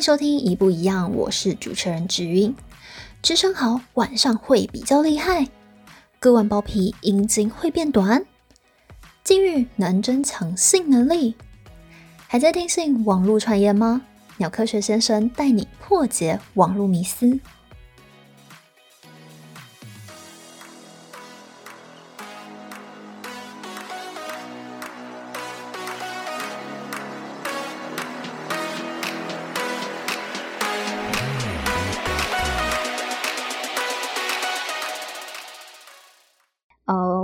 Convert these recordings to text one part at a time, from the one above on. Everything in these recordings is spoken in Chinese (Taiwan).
收聽醫不一樣，我是主持人志云。吃生蠔晚上會比較厲害，割完包皮，陰莖會變短，禁慾，能增強性能力？還在聽信網絡傳言嗎？鳥科學先生帶你破解網絡迷思。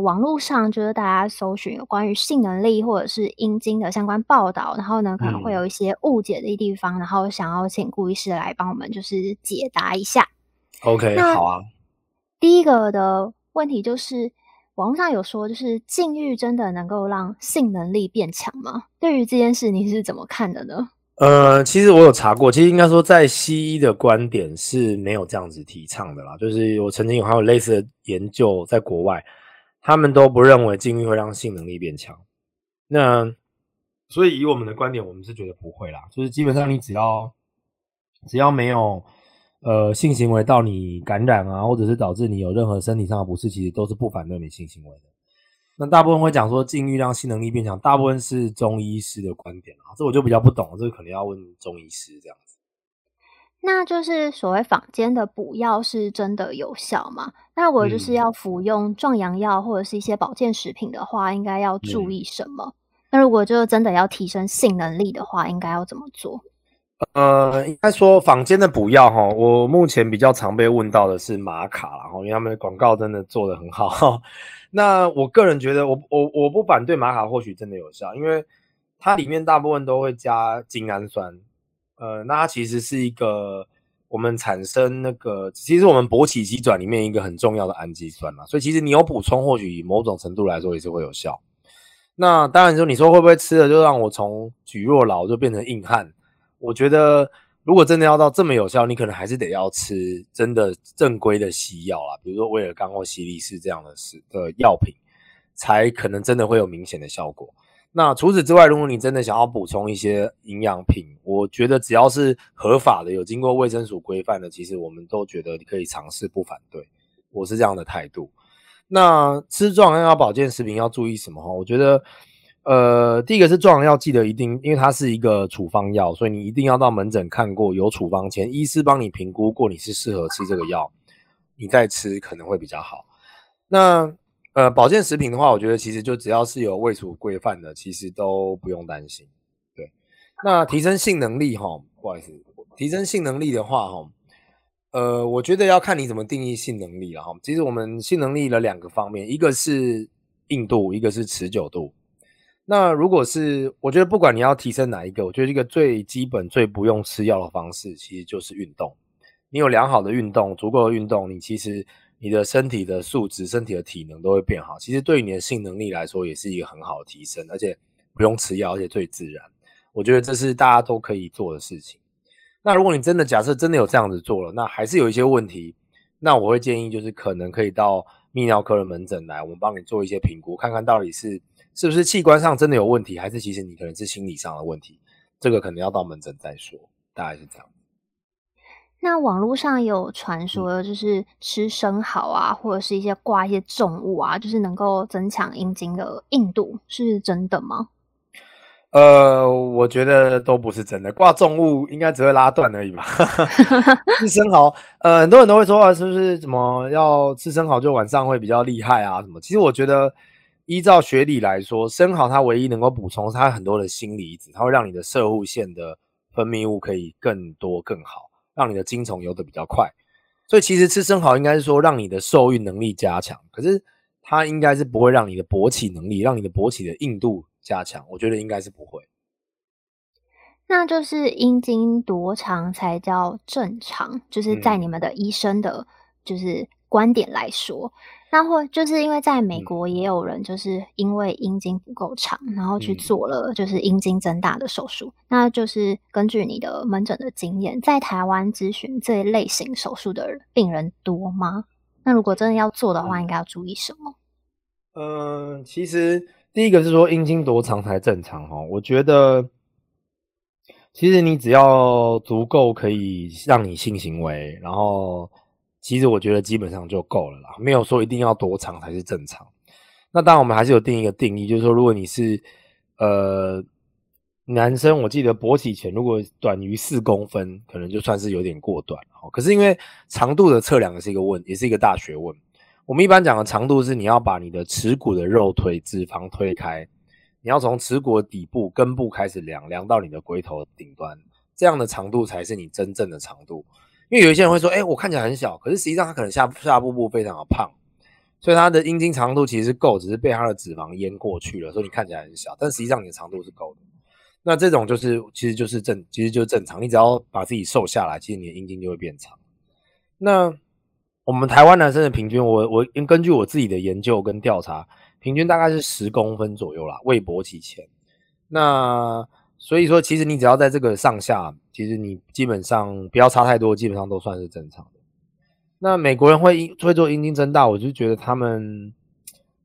網絡上就是大家搜尋有關於性能力或者是陰莖的相關報道然後呢，可能會有一些誤解的地方，嗯、然後想要請顧醫師來幫我們就是解答一下。OK，那好啊。第一個的問題就是網絡上有說，就是禁慾真的能夠讓性能力變強嗎？對於這件事你是怎麼看的呢？呃，其實我有查過，其實應該說在西醫的觀點是沒有這樣子提倡的啦。就是我曾經有還有類似的研究，在國外。他們都不認為禁慾會讓性能力變強，那所以以我們的觀點，我們是覺得不會啦。就是基本上你只要只要沒有呃性行為到你感染啊，或者是導致你有任何身體上的不適，其實都是不反對你性行為的。那大部分會講說禁慾讓性能力變強，大部分是中醫師的觀點啦、啊。這我就比較不懂，這個可能要問中醫師這樣。那就是所謂坊間的補藥是真的有效嗎？那如果就是要服用壯陽藥或者是一些保健食品的話，嗯，應該要注意什麼？那如果就真的要提升性能力的話，應該要怎麼做？呃，應該說坊間的補藥哈，我目前比較常被問到的是馬卡啦，然後因為他們的廣告真的做得很好哈。 那我個人覺得我，我我我不反對馬卡或許真的有效，因為它裡面大部分都會加精氨酸。呃，那它其實是一個我們產生那個，其實我們勃起機轉裡面一個很重要的氨基酸嘛，所以其實你有補充，或許以某種程度來說也是會有效。那當然說，你說會不會吃了就讓我從舉弱勞就變成硬漢？我覺得如果真的要到這麼有效，你可能還是得要吃真的正規的西藥啦，比如說威而鋼或犀利士這樣的是的藥品，才可能真的會有明顯的效果。那除此之外，如果你真的想要補充一些營養品，我覺得只要是合法的、有經過衛生署規範的，其實我們都覺得你可以嘗試，不反對。我是這樣的態度。那吃壯陽藥保健食品要注意什麼？哈，我覺得，呃，第一個是壯陽藥記得一定，因為它是一個處方藥，所以你一定要到門診看過有處方箋，醫師幫你評估過你是適合吃這個藥，你再吃可能會比較好。那呃，保健食品的話，我覺得其實就只要是有衛署規範的，其實都不用擔心。對，那提升性能力吼，不好意思，提升性能力的話吼，呃，我覺得要看你怎麼定義性能力了哈。其實我們性能力的兩個方面，一個是硬度，一個是持久度。那如果是我覺得不管你要提升哪一個，我覺得一個最基本、最不用吃藥的方式，其實就是運動。你有良好的運動，足夠的運動，你其實。你的身體的素質、身體的體能都會變好，其實對於你的性能力來說也是一個很好的提升，而且不用吃藥，而且最自然。我覺得這是大家都可以做的事情。那如果你真的假設真的有這樣子做了，那還是有一些問題，那我會建議就是可能可以到泌尿科的門診來，我們幫你做一些評估，看看到底是是不是器官上真的有問題，還是其實你可能是心理上的問題，這個可能要到門診再說，大概是這樣。那網絡上有傳說的，就是吃生蠔啊，嗯、或者是一些掛一些重物啊，就是能夠增強陰莖的硬度，是真的嗎？呃，我覺得都不是真的。掛重物應該只會拉斷而已吧。 吃生蠔蠔， 呃，很多人都會說，啊、是不是什麼要吃生蠔就晚上會比較厲害啊？什麼？其實我覺得，依照學理來說，生蠔它唯一能夠補充它很多的鋅離子，它會讓你的攝護腺的分泌物可以更多更好。讓你的精蟲游得比較快，所以其實吃生蠔應該是說讓你的受孕能力加強，可是它應該是不會讓你的勃起能力，讓你的勃起的硬度加強，我覺得應該是不會。那就是陰莖多長才叫正常？就是在你們的醫生的，就是觀點來說。嗯那就是因為在美國也有人就是因為陰莖不夠長，嗯、然後去做了就是陰莖增大的手術。嗯、那就是根據你的門診的經驗，在台灣諮詢這一類型手術的人病人多嗎？那如果真的要做的話，嗯、你應該要注意什麼？嗯、呃，其實第一個是說陰莖多長才正常，我覺得其實你只要足夠可以讓你性行為，然後。其實我覺得基本上就夠了啦，沒有說一定要多長才是正常。那當然我們還是有定一個定義，就是說如果你是呃男生，我記得勃起前如果短於四公分，可能就算是有點過短哦。可是因為長度的測量是一個問，也是一個大學問。我們一般講的長度是你要把你的恥骨的肉腿脂肪推開，你要從恥骨的底部根部開始量，量到你的龜頭的頂端，這樣的長度才是你真正的長度。因為有一些人會說，哎，我看起來很小，可是實際上他可能下下腹部非常的胖，所以他的陰莖長度其實是夠，只是被他的脂肪淹過去了，所以你看起來很小，但實際上你的長度是夠的。那這種就是其實就是正，其實就是正常。你只要把自己瘦下來，其實你的陰莖就會變長。那我們台灣男生的平均，我我根據我自己的研究跟調查，平均大概是十公分左右啦，未勃起前。那所以說，其實你只要在這個上下，其實你基本上不要差太多，基本上都算是正常的。那美國人會會做陰莖增大，我就覺得他們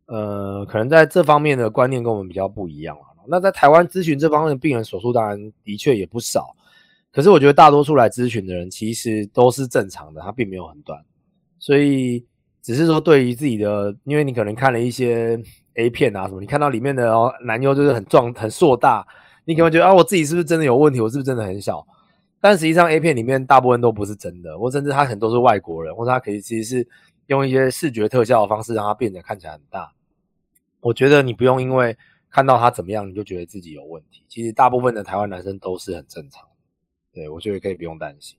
呃，可能在這方面的觀念跟我們比較不一樣啦。那在台灣諮詢這方面的病人手術，當然的確也不少，可是我覺得大多數來諮詢的人其實都是正常的，他並沒有很短，所以只是說對於自己的，因為你可能看了一些 A 片啊什麼，你看到裡面的哦，男優就是很壯很碩大。你可能覺得啊，我自己是不是真的有問題？我是不是真的很小？但實際上，A 片裡面大部分都不是真的，我甚至他很多是外國人，或者他可以其實是用一些視覺特效的方式讓他變得看起來很大。我覺得你不用因為看到他怎麼樣，你就覺得自己有問題。其實大部分的台灣男生都是很正常的，對，我覺得可以不用擔心。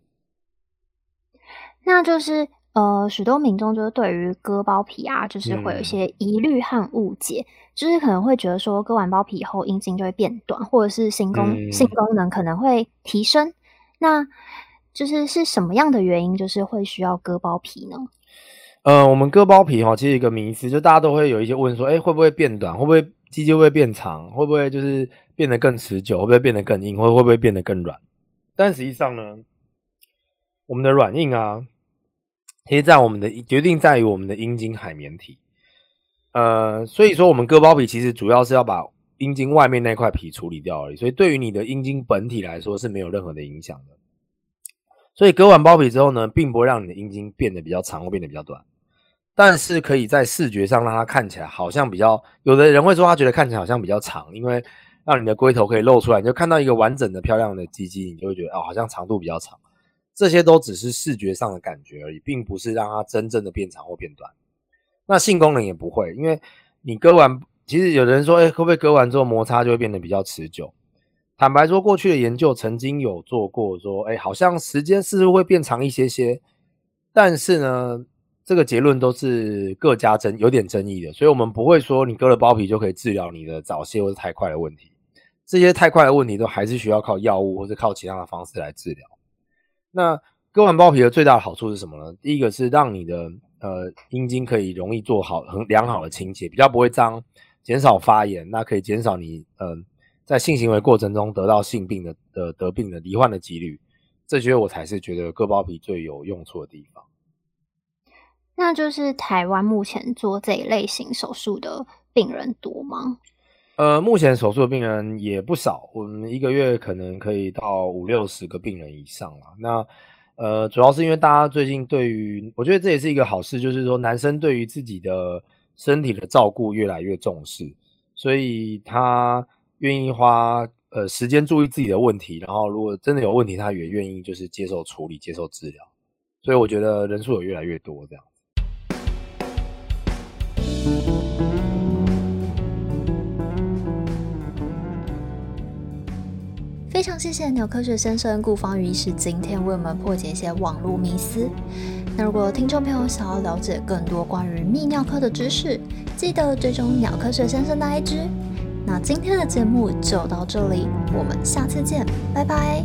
那就是。呃，許多民眾就是對於割包皮啊，就是會有一些疑慮和誤解，嗯、就是可能會覺得說，割完包皮以後陰莖就會變短，或者是性功、嗯、性功能可能會提升。那，就是是什麼樣的原因，就是會需要割包皮呢？呃，我們割包皮哈，其實一個迷思，就大家都會有一些問說，哎、欸，會不會變短？會不會肌就會，會變長？會不會就是變得更持久？會不會變得更硬？或會不會變得更軟？但實際上呢，我們的軟硬啊。貼在我們的，決定在於我們的陰莖海綿體，呃，所以說我們割包皮其實主要是要把陰莖外面那塊皮處理掉而已，所以對於你的陰莖本體來說是沒有任何的影響的。所以割完包皮之後呢，並不會讓你的陰莖變得比較長或變得比較短，但是可以在視覺上讓它看起來好像比較，有的人會說他覺得看起來好像比較長，因為讓你的龜頭可以露出來，你就看到一個完整的漂亮的雞雞，你就會覺得啊、哦，好像長度比較長。這些都只是視覺上的感覺而已，並不是讓它真正的變長或變短。那性功能也不會，因為你割完，其實有人說，欸，會不會割完之後摩擦就會變得比較持久？坦白說，過去的研究曾經有做過，說，欸，好像時間似乎會變長一些些。但是呢，這個結論都是各家爭有點爭議的，所以我們不會說你割了包皮就可以治療你的早泄或是太快的問題。這些太快的問題都還是需要靠藥物或者靠其他的方式來治療。那割完包皮的最大的好處是什麼呢？第一個是讓你的呃陰莖可以容易做好很良好的清潔，比較不會髒，減少發炎，那可以減少你嗯、呃，在性行為過程中得到性病的的得，得病的罹患的幾率。這些我才是覺得割包皮最有用處的地方。那就是台灣目前做這一類型手術的病人多嗎？呃，目前手術的病人也不少，我們一個月可能可以到五六十個病人以上啦。那呃，主要是因為大家最近對於，我覺得這也是一個好事，就是說男生對於自己的身體的照顧越來越重視，所以他願意花呃時間注意自己的問題，然後如果真的有問題，他也願意就是接受處理、接受治療。所以我覺得人數有越來越多這樣。非常謝謝鳥科學先生顧芳瑜醫師今天為我們破解一些網絡迷思。那如果聽眾朋友想要了解更多關於泌尿科的知識，記得追蹤鳥科學先生的 IG。那今天的節目就到這裡，我們下次見，拜拜。